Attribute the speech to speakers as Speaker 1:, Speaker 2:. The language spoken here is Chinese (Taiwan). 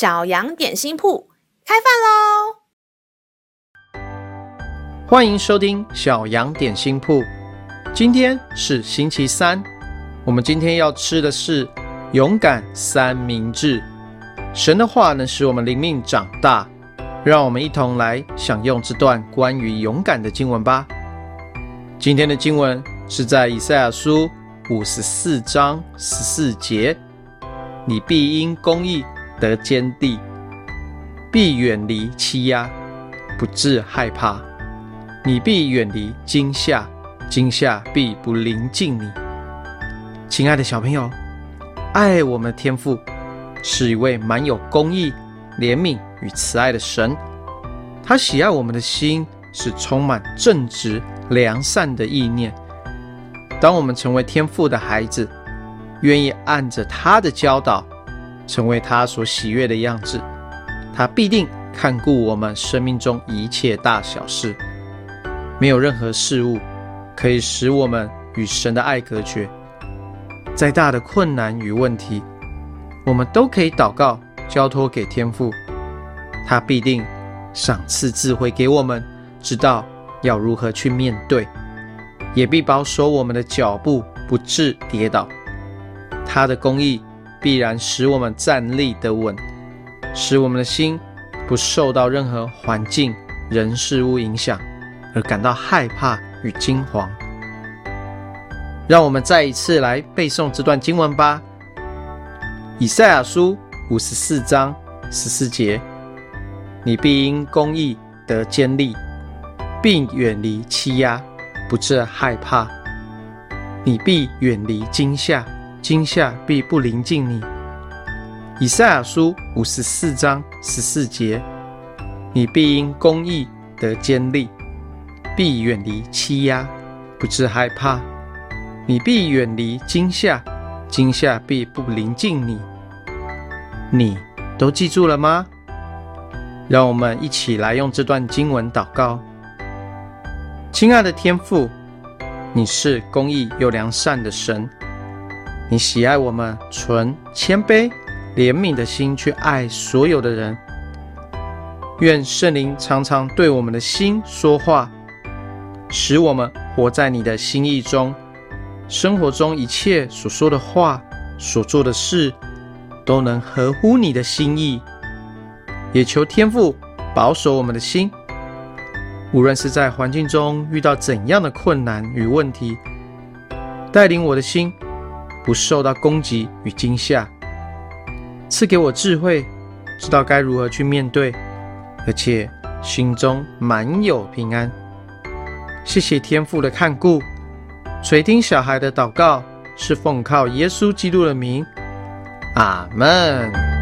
Speaker 1: 小羊點心鋪開飯嘍！歡迎收聽小羊點心鋪。今天是星期三，我們今天要吃的是勇敢三明治。神的話能使我們靈命長大，讓我們一同來享用這段關於勇敢的經文吧。今天的經文是在以賽亞書五十四章十四節：“你必因公義。”得堅立，必遠離欺壓，不致害怕；你必遠離驚嚇，驚嚇必不臨近你。親愛的小朋友，愛我們的天父是一位滿有公義、憐憫與慈愛的神，他喜愛我們的心是充滿正直、良善的意念。當我們成為天父的孩子，願意按着他的教導。成為他所喜悅的樣子，他必定看顧我們生命中一切大小事，沒有任何事物可以使我們與神的愛隔絕。再大的困難與問題，我們都可以禱告交托給天父，他必定賞賜智慧給我們，知道要如何去面對，也必保守我們的腳步不致跌倒。他的公義。必然使我們站立得穩，使我們的心不受到任何環境、人、事物影響而感到害怕與驚惶。讓我們再一次來背誦這段經文吧，《以賽亞書》五十四章十四節：你必因公義得堅立，並遠離欺壓，不致害怕；你必遠離驚嚇。驚嚇必不臨近你。以賽亞書五十四章十四節你必因公義得堅立，必遠離欺壓，不致害怕，你必遠離驚嚇，驚嚇必不臨近你。你都記住了嗎？讓我們一起來用這段經文禱告。親愛的天父，你是公義又良善的神。你喜愛我們，存謙卑、憐憫的心去愛所有的人。願聖靈常常對我們的心說話，使我們活在你的心意中。生活中一切所說的話、所做的事，都能合乎你的心意。也求天父保守我們的心，無論是在環境中遇到怎樣的困難與問題，帶領我的心，不受到攻擊與驚嚇，賜給我智慧，知道該如何去面對，而且心中滿有平安。謝謝天父的看顧，垂聽小孩的禱告，是奉靠耶穌基督的名，阿門。